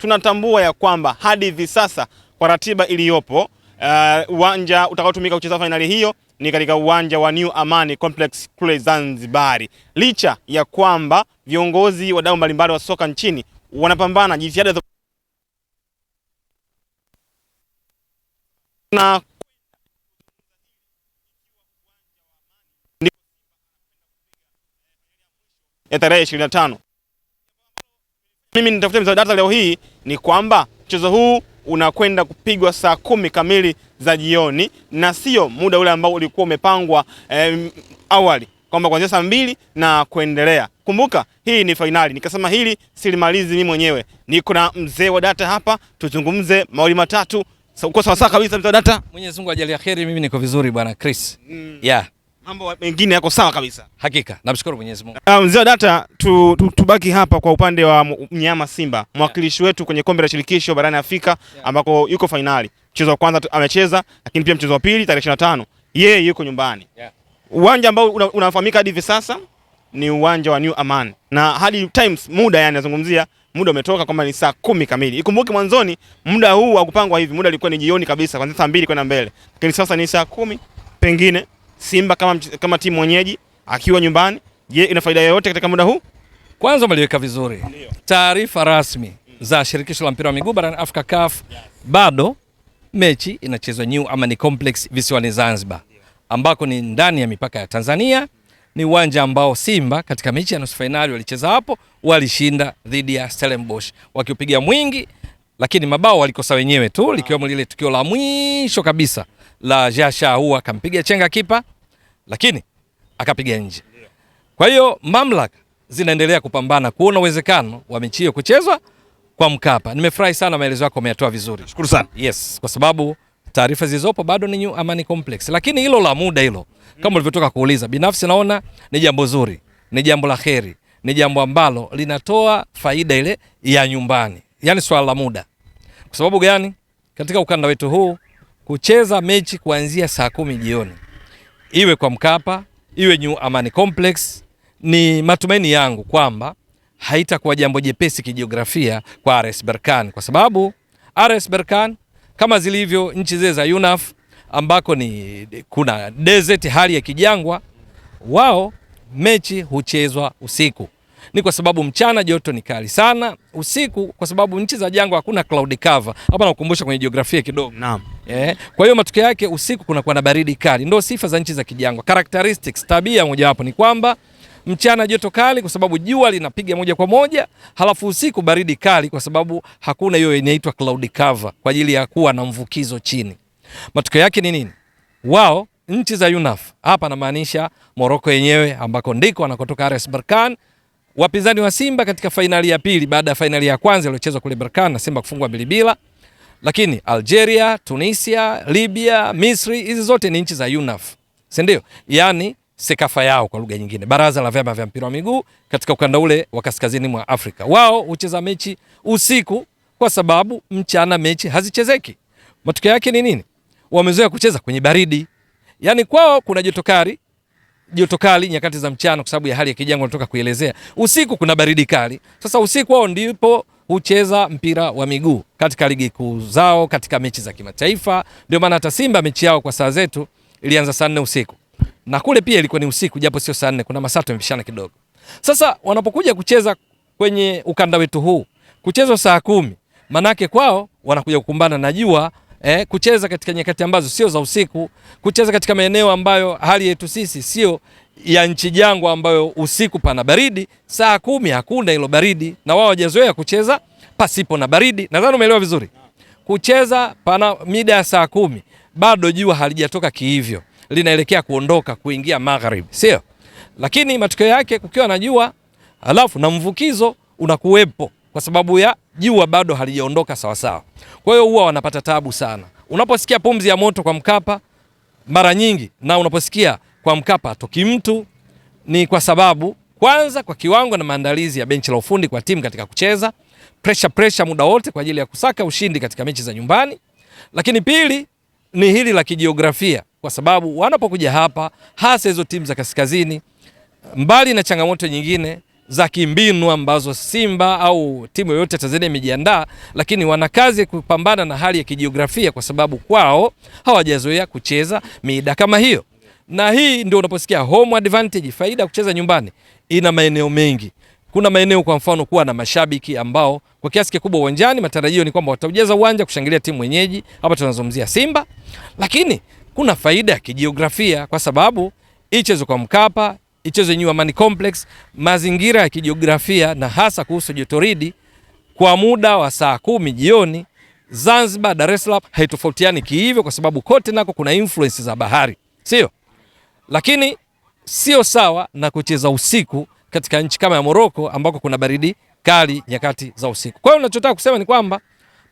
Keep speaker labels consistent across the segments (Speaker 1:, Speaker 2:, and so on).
Speaker 1: tunatambua ya kwamba hadi hivi sasa kwa ratiba iliyopo uh, uwanja uh, utakaotumika kucheza fainali hiyo ni katika uwanja wa New Amani Complex kule Zanzibar, licha ya kwamba viongozi wadau mbalimbali wa soka nchini wanapambana jitihada za na ya tarehe 25 mimi mzao data leo hii ni kwamba mchezo huu unakwenda kupigwa saa kumi kamili za jioni na sio muda ule ambao ulikuwa umepangwa eh, awali kwamba kuanzia saa mbili na kuendelea. Kumbuka hii ni fainali, nikasema hili silimalizi mimi mwenyewe, niko na mzee wa data hapa, tuzungumze mawili matatu. Uko sawasawa kabisa mzee wa data?
Speaker 2: Mwenyezi Mungu ajalie kheri. Mimi niko vizuri bwana Chris. Mm. Yeah
Speaker 1: mambo mengine yako sawa kabisa.
Speaker 2: Hakika namshukuru Mwenyezi Mungu.
Speaker 1: Uh, mzee wa data tu, tu, tubaki hapa kwa upande wa mnyama Simba mwakilishi wetu kwenye kombe la shirikisho barani Afrika yeah. ambako yuko fainali, mchezo wa kwanza amecheza, lakini pia mchezo wa pili tarehe 25 yeye yuko nyumbani yeah. Uwanja ambao unafahamika hadi hivi sasa ni uwanja wa New Aman na hadi times muda, yani nazungumzia muda umetoka kwamba ni saa kumi kamili. Ikumbuke mwanzoni muda huu wa kupangwa hivi, muda ilikuwa ni jioni kabisa, kuanzia saa mbili kwenda mbele, lakini sasa ni saa kumi pengine Simba kama, kama timu mwenyeji akiwa nyumbani, je, ina faida yoyote katika muda huu?
Speaker 2: Kwanza umeliweka vizuri. Taarifa rasmi za shirikisho la mpira wa miguu barani Afrika CAF, bado mechi inachezwa New Amani Complex visiwani Zanzibar, ambako ni ndani ya mipaka ya Tanzania. Ni uwanja ambao Simba katika mechi ya nusu fainali walicheza hapo, walishinda dhidi ya Stellenbosch wakiupiga mwingi, lakini mabao walikosa wenyewe tu, likiwemo lile tukio la mwisho kabisa la Jasha huwa akampiga chenga kipa, lakini akapiga nje. Kwa hiyo mamlaka zinaendelea kupambana kuona uwezekano wa mechi hiyo kuchezwa kwa Mkapa. Nimefurahi sana maelezo yako, umeyatoa vizuri. Shukuru sana. Yes, kwa sababu taarifa zilizopo bado ni New Amani Complex, lakini hilo la muda hilo kama ulivyotoka kuuliza, binafsi naona ni jambo zuri, ni jambo la heri, ni jambo ambalo linatoa faida ile ya nyumbani, yaani swala la muda. Kwa sababu gani? Katika ukanda wetu huu kucheza mechi kuanzia saa kumi jioni, iwe kwa Mkapa iwe New Amani Complex. Ni matumaini yangu kwamba haitakuwa jambo jepesi kijiografia kwa RS Berkane, kwa sababu RS Berkane kama zilivyo nchi zile za UNAF ambako ni kuna desert, hali ya kijangwa, wao mechi huchezwa usiku. Ni kwa sababu mchana joto ni kali sana, usiku kwa sababu nchi za jangwa hakuna cloud cover. Hapa nakukumbusha kwenye jiografia kidogo. Naam. Eh, kwa hiyo matokeo yake usiku kunakuwa na baridi kali. Ndio sifa za nchi za kijangwa. Characteristics, tabia mojawapo ni kwamba mchana joto kali kwa sababu jua linapiga moja kwa moja, halafu usiku baridi kali kwa sababu hakuna hiyo inaitwa cloud cover kwa ajili ya kuwa na mvukizo chini. Matokeo yake ni nini? Wao nchi za UNAF hapa namaanisha Moroko yenyewe ambako ndiko anakotoka RS Berkane, wapinzani wa Simba katika fainali ya pili baada ya fainali ya kwanza iliyochezwa kule Berkane na Simba kufungwa bilibila bila lakini Algeria, Tunisia, Libya, Misri, hizi zote ni nchi za UNAF, si ndio? Yaani Sekafa yao kwa lugha nyingine, baraza la vyama vya mpira wa miguu katika ukanda ule wa kaskazini mwa Afrika. Wao hucheza mechi usiku kwa sababu mchana mechi hazichezeki. Matokeo yake ni nini? Wamezoea kucheza kwenye baridi, yaani kwao kuna joto kali, joto kali nyakati za mchana, kwa sababu ya hali ya kijangwa natoka kuelezea. Usiku kuna baridi kali. Sasa usiku wao ndipo hucheza mpira wa miguu katika ligi kuu zao, katika mechi za kimataifa. Ndio maana hata Simba mechi yao kwa saa zetu ilianza saa nne usiku na kule pia ilikuwa ni usiku, japo sio saa nne. Kuna masaa tumepishana kidogo. Sasa wanapokuja kucheza kwenye ukanda wetu huu, kuchezwa saa kumi, manake kwao wanakuja kukumbana na jua eh, kucheza katika nyakati ambazo sio za usiku, kucheza katika maeneo ambayo hali yetu sisi sio ya nchi jangwa ambayo usiku pana baridi, saa kumi hakuna hilo baridi, na wao hawajazoea kucheza pasipo na baridi. Nadhani umeelewa vizuri, kucheza pana mida ya saa kumi, bado jua halijatoka kihivyo, linaelekea kuondoka kuingia magharibi, sio? Lakini matokeo yake kukiwa na jua alafu na mvukizo unakuwepo kwa sababu ya jua bado halijaondoka sawasawa. Kwa hiyo huwa wanapata tabu sana. Unaposikia pumzi ya moto kwa Mkapa mara nyingi na unaposikia kwa Mkapa toki mtu ni kwa sababu kwanza, kwa kiwango na maandalizi ya benchi la ufundi kwa timu katika kucheza pressure pressure muda wote kwa ajili ya kusaka ushindi katika mechi za nyumbani, lakini pili ni hili la kijiografia, kwa sababu wanapokuja hapa hasa hizo timu za kaskazini, mbali na changamoto nyingine za kimbinu ambazo Simba au timu yoyote Tanzania imejiandaa, lakini wana kazi kupambana na hali ya kijiografia, kwa sababu kwao hawajazoea kucheza mida kama hiyo na hii ndio unaposikia home advantage, faida kucheza nyumbani. Ina maeneo mengi, kuna maeneo kwa mfano kuwa na mashabiki ambao kwa kiasi kikubwa uwanjani, matarajio ni kwamba watajaza uwanja kushangilia timu wenyeji, hapa tunazungumzia Simba. Lakini kuna faida ya kijiografia kwa sababu ichezo kwa Mkapa, ichezo nyuma Amani Complex, mazingira ya kijiografia na hasa kuhusu jotoridi kwa muda wa saa kumi jioni Zanzibar, Dar es Salaam haitofautiani kihivyo, kwa sababu kote nako kuna influence za bahari, sio? lakini sio sawa na kucheza usiku katika nchi kama ya Moroko ambako kuna baridi kali nyakati za usiku. Kwa hiyo unachotaka kusema ni kwamba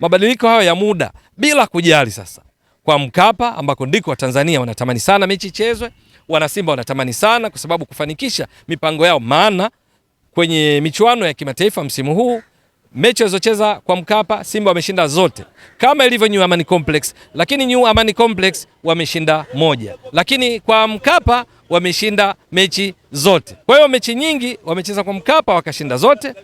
Speaker 2: mabadiliko hayo ya muda bila kujali sasa kwa Mkapa ambako ndiko Watanzania wanatamani sana mechi ichezwe, wanasimba wanatamani sana kwa sababu kufanikisha mipango yao, maana kwenye michuano ya kimataifa msimu huu mechi walizocheza kwa Mkapa Simba wameshinda zote kama ilivyo New Amani Complex, lakini New Amani Complex wameshinda moja, lakini kwa Mkapa wameshinda mechi zote. Kwa hiyo mechi nyingi wamecheza kwa Mkapa wakashinda zote.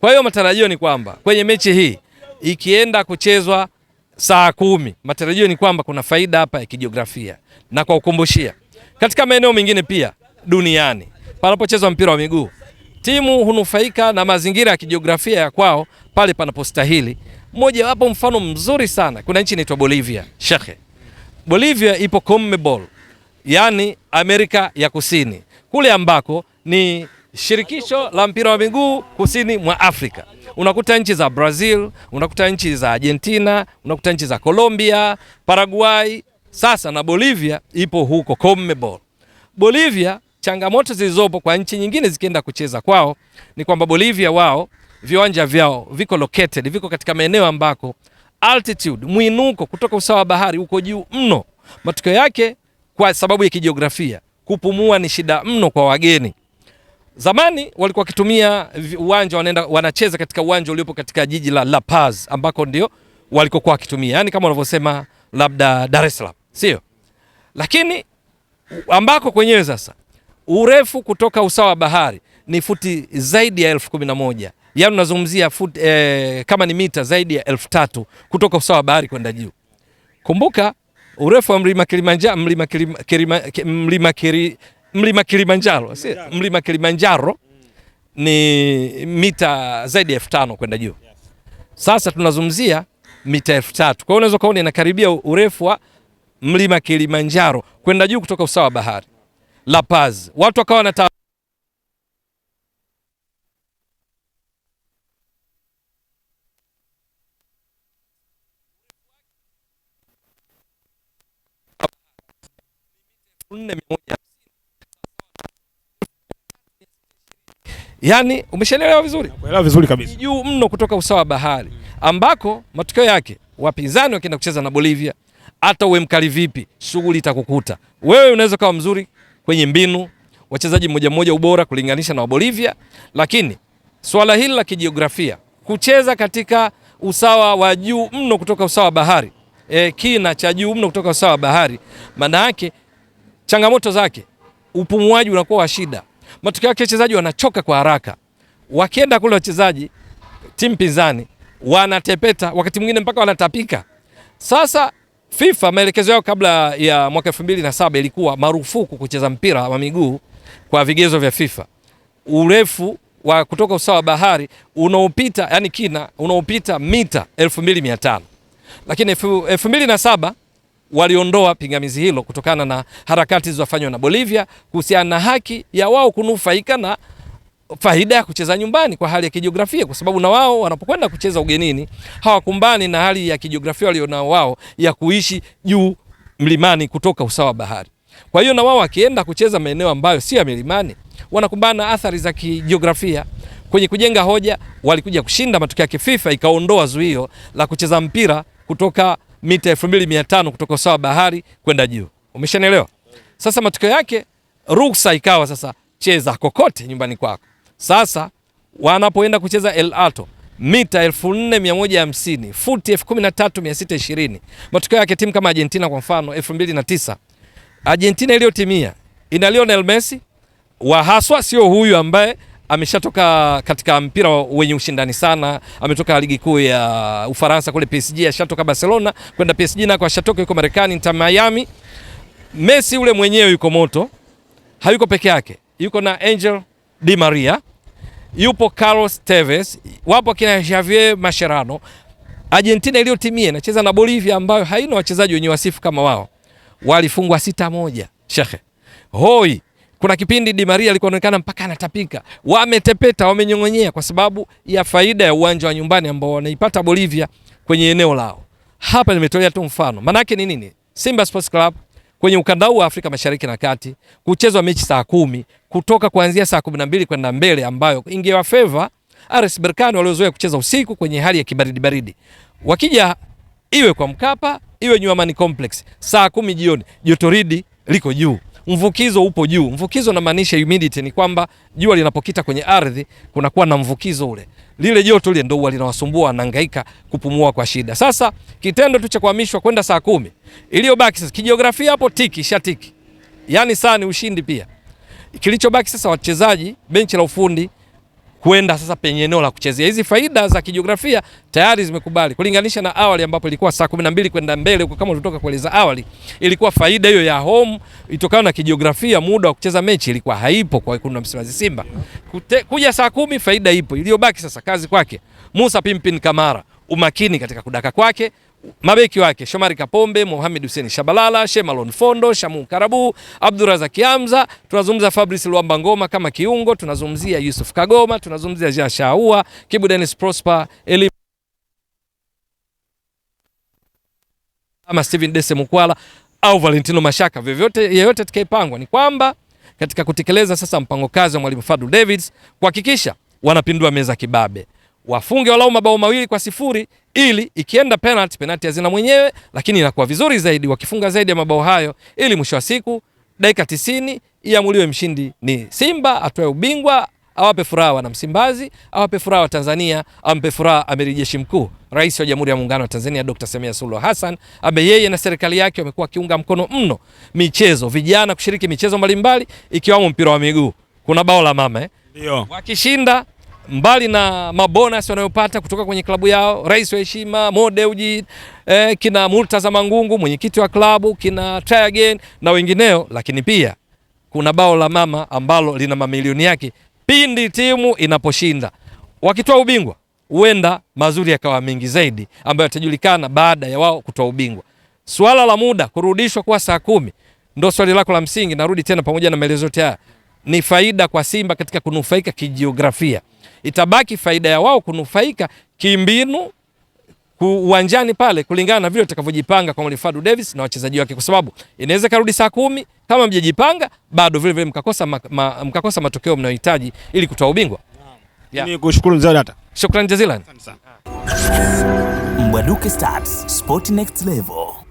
Speaker 2: Kwa hiyo matarajio ni kwamba kwenye mechi hii ikienda kuchezwa saa kumi, matarajio ni kwamba kuna faida hapa ya kijiografia na kwa ukumbushia katika maeneo mengine pia duniani panapochezwa mpira wa miguu Timu hunufaika na mazingira ya kijiografia ya kwao pale panapostahili. Mmoja wapo mfano mzuri sana, kuna nchi inaitwa Bolivia. Shekhe, Bolivia ipo CONMEBOL, yani Amerika ya Kusini, kule ambako ni shirikisho la mpira wa miguu kusini mwa Afrika. Unakuta nchi za Brazil, unakuta nchi za Argentina, unakuta nchi za Colombia, Paraguay, sasa na Bolivia ipo huko CONMEBOL. Bolivia changamoto zilizopo kwa nchi nyingine zikienda kucheza kwao ni kwamba Bolivia wao viwanja vyao viko located, viko katika maeneo ambako altitude, mwinuko kutoka usawa wa bahari uko juu mno. Matokeo yake kwa sababu ya kijiografia, kupumua ni shida mno kwa wageni. Zamani walikuwa wakitumia uwanja wanaenda wanacheza katika uwanja uliopo katika jiji la La Paz ambako ndio walikokuwa wakitumia, yani kama wanavyosema labda Dar es Salaam, sio lakini ambako kwenyewe sasa urefu kutoka usawa wa bahari ni futi zaidi ya elfu kumi na moja yaani unazungumzia futi e, kama ni mita zaidi ya elfu tatu kutoka usawa wa bahari kwenda juu. Kumbuka urefu wa mlima Kilimanjaro, mlima Kilimanjaro, mlima Kilimanjaro, mlima Kilimanjaro ni mita zaidi ya elfu tano kwenda juu. Sasa tunazungumzia mita elfu tatu. Kwa hiyo unaweza ukaona inakaribia urefu wa mlima Kilimanjaro kwenda juu kutoka usawa wa bahari. La Paz, watu wakawa na yaani, umeshaelewa vizuri,
Speaker 1: Naelewa vizuri kabisa,
Speaker 2: juu mno kutoka usawa wa bahari ambako matokeo yake wapinzani wakienda kucheza na Bolivia, hata uwe mkali vipi, shughuli itakukuta wewe. Unaweza ukawa mzuri kwenye mbinu, wachezaji mmoja mmoja ubora kulinganisha na Bolivia, lakini swala hili la kijiografia kucheza katika usawa wa juu mno kutoka usawa wa bahari e, kina cha juu mno kutoka usawa wa bahari, maana yake changamoto zake, upumuaji unakuwa wa shida, matokeo yake wachezaji wanachoka kwa haraka, wakienda kule wachezaji timu pinzani wanatepeta, wakati mwingine mpaka wanatapika. Sasa FIFA maelekezo yao kabla ya mwaka saba ilikuwa marufuku kucheza mpira wa miguu kwa vigezo vya FIFA, urefu wa kutoka usawa wa bahari unaopita yani kina unaopita mita 2500 lakini saba waliondoa pingamizi hilo kutokana na harakati zilizofanywa na Bolivia kuhusiana na haki ya wao kunufaika na faida ya kucheza nyumbani kwa hali ya kijiografia, kwa sababu na wao wanapokwenda kucheza ugenini hawakumbani na hali ya kijiografia walionao wao ya kuishi juu mlimani kutoka usawa wa bahari. Kwa hiyo na wao wakienda kucheza maeneo ambayo si ya milimani wanakumbana athari za kijiografia. Kwenye kujenga hoja walikuja kushinda, matokeo yake FIFA ikaondoa zuio la kucheza mpira kutoka mita 2500 kutoka usawa bahari kwenda juu. Umeshanielewa? Sasa matokeo yake ruksa ikawa sasa cheza kokote nyumbani kwako. Sasa wanapoenda kucheza El Alto mita 4150 futi 13620. Matokeo yake timu kama Argentina kwa mfano 2009, Argentina iliyotimia ina Lionel Messi wa haswa, sio huyu ambaye ameshatoka katika mpira wenye ushindani sana, ametoka ligi kuu ya Ufaransa kule PSG, ashatoka Barcelona kwenda PSG na kwa ashatoka, yuko Marekani Inter Miami. Messi ule mwenyewe yuko moto, hayuko peke yake, yuko na Angel Di Maria yupo Carlos Tevez, wapo akina Javier Mascherano. Argentina iliyotimia inacheza na Bolivia ambayo haina wachezaji wenye wasifu kama wao, walifungwa sita moja. Shekhe hoi, kuna kipindi Di Maria alikuwa anaonekana mpaka anatapika. Wametepeta, wamenyong'onyea kwa sababu ya faida ya uwanja wa nyumbani ambao wanaipata Bolivia kwenye eneo lao. Hapa nimetolea tu mfano, maanake ni nini? Simba Sports Club kwenye ukanda huu wa Afrika Mashariki na Kati kuchezwa mechi saa kumi kutoka kuanzia saa kumi na mbili kwenda mbele, ambayo ingewa favor RS Berkane waliozoea kucheza usiku kwenye hali ya kibaridi baridi. Wakija iwe kwa Mkapa iwe Nyuamani Complex saa kumi jioni, jotoridi liko juu mvukizo upo juu. Mvukizo unamaanisha humidity, ni kwamba jua linapokita kwenye ardhi kunakuwa na mvukizo ule, lile joto lile ndio huwa linawasumbua, wanahangaika kupumua kwa shida. Sasa kitendo tu cha kuhamishwa kwenda saa kumi iliyobaki sasa, kijiografia hapo tiki shatiki, yani saa ni ushindi pia. Kilichobaki sasa, wachezaji, benchi la ufundi kwenda sasa penye eneo la kuchezea. Hizi faida za kijiografia tayari zimekubali kulinganisha na awali ambapo ilikuwa saa 12 kwenda mbele huko, kama tulitoka kueleza awali, ilikuwa faida hiyo ya home itokana na kijiografia, muda wa kucheza mechi ilikuwa haipo kwa wekundu wa Msimbazi Simba. Kute, kuja saa kumi faida ipo. Iliyobaki sasa kazi kwake Musa Pimpin Kamara, umakini katika kudaka kwake, mabeki wake Shomari Kapombe, Mohamed Hussein Shabalala, Shemalon Fondo, Shamu Karabu, Abdurazak Hamza, tunazungumza Fabrice Luamba Ngoma kama kiungo, tunazungumzia Yusuf Kagoma, tunazungumzia Jean Shaua, Kibu Dennis Prosper, Eli ama Steven Dese Mukwala au Valentino Mashaka, vyovyote yeyote atakayepangwa, ni kwamba katika kutekeleza sasa mpango kazi wa mwalimu Fadlu Davids kuhakikisha wanapindua meza kibabe, wafunge walau mabao mawili kwa sifuri ili ikienda penalty, penalty hazina mwenyewe, lakini inakuwa vizuri zaidi wakifunga zaidi ya mabao hayo, ili mwisho wa siku dakika tisini iamuliwe mshindi ni Simba, atoe ubingwa, awape furaha Msimbazi, awape furaha wa Tanzania, ampe furaha amiri jeshi mkuu, Rais wa Jamhuri ya Muungano wa Tanzania Dr. Samia Suluhu Hassan, ambaye yeye na serikali yake wamekuwa wakiunga mkono mno michezo, vijana kushiriki michezo mbalimbali, ikiwamo mpira wa miguu. Kuna bao la mama eh? Ndio. Wakishinda mbali na mabonus wanayopata kutoka kwenye klabu yao, rais wa heshima Mo Dewji eh, kina Murtaza Mangungu mwenyekiti wa klabu kina Try Again na wengineo, lakini pia kuna bao la mama ambalo lina mamilioni yake pindi timu inaposhinda. Wakitoa ubingwa, huenda mazuri yakawa mengi zaidi ambayo yatajulikana baada ya wao kutoa ubingwa. Swala la muda kurudishwa kwa saa kumi ndo swali lako la msingi. Narudi tena pamoja na maelezo yote haya ni faida kwa Simba katika kunufaika kijiografia. Itabaki faida ya wao kunufaika kimbinu uwanjani pale kulingana na vile utakavyojipanga kwa Fadu Davis na wachezaji wake, kwa sababu inaweza karudi saa kumi kama mjajipanga bado vile vile mkakosa, ma, ma, mkakosa matokeo mnayohitaji ili kutoa ubingwa.
Speaker 1: Nikushukuru mzee data.
Speaker 2: Shukrani jazilan. Mwaduke Stars, Sport Next Level.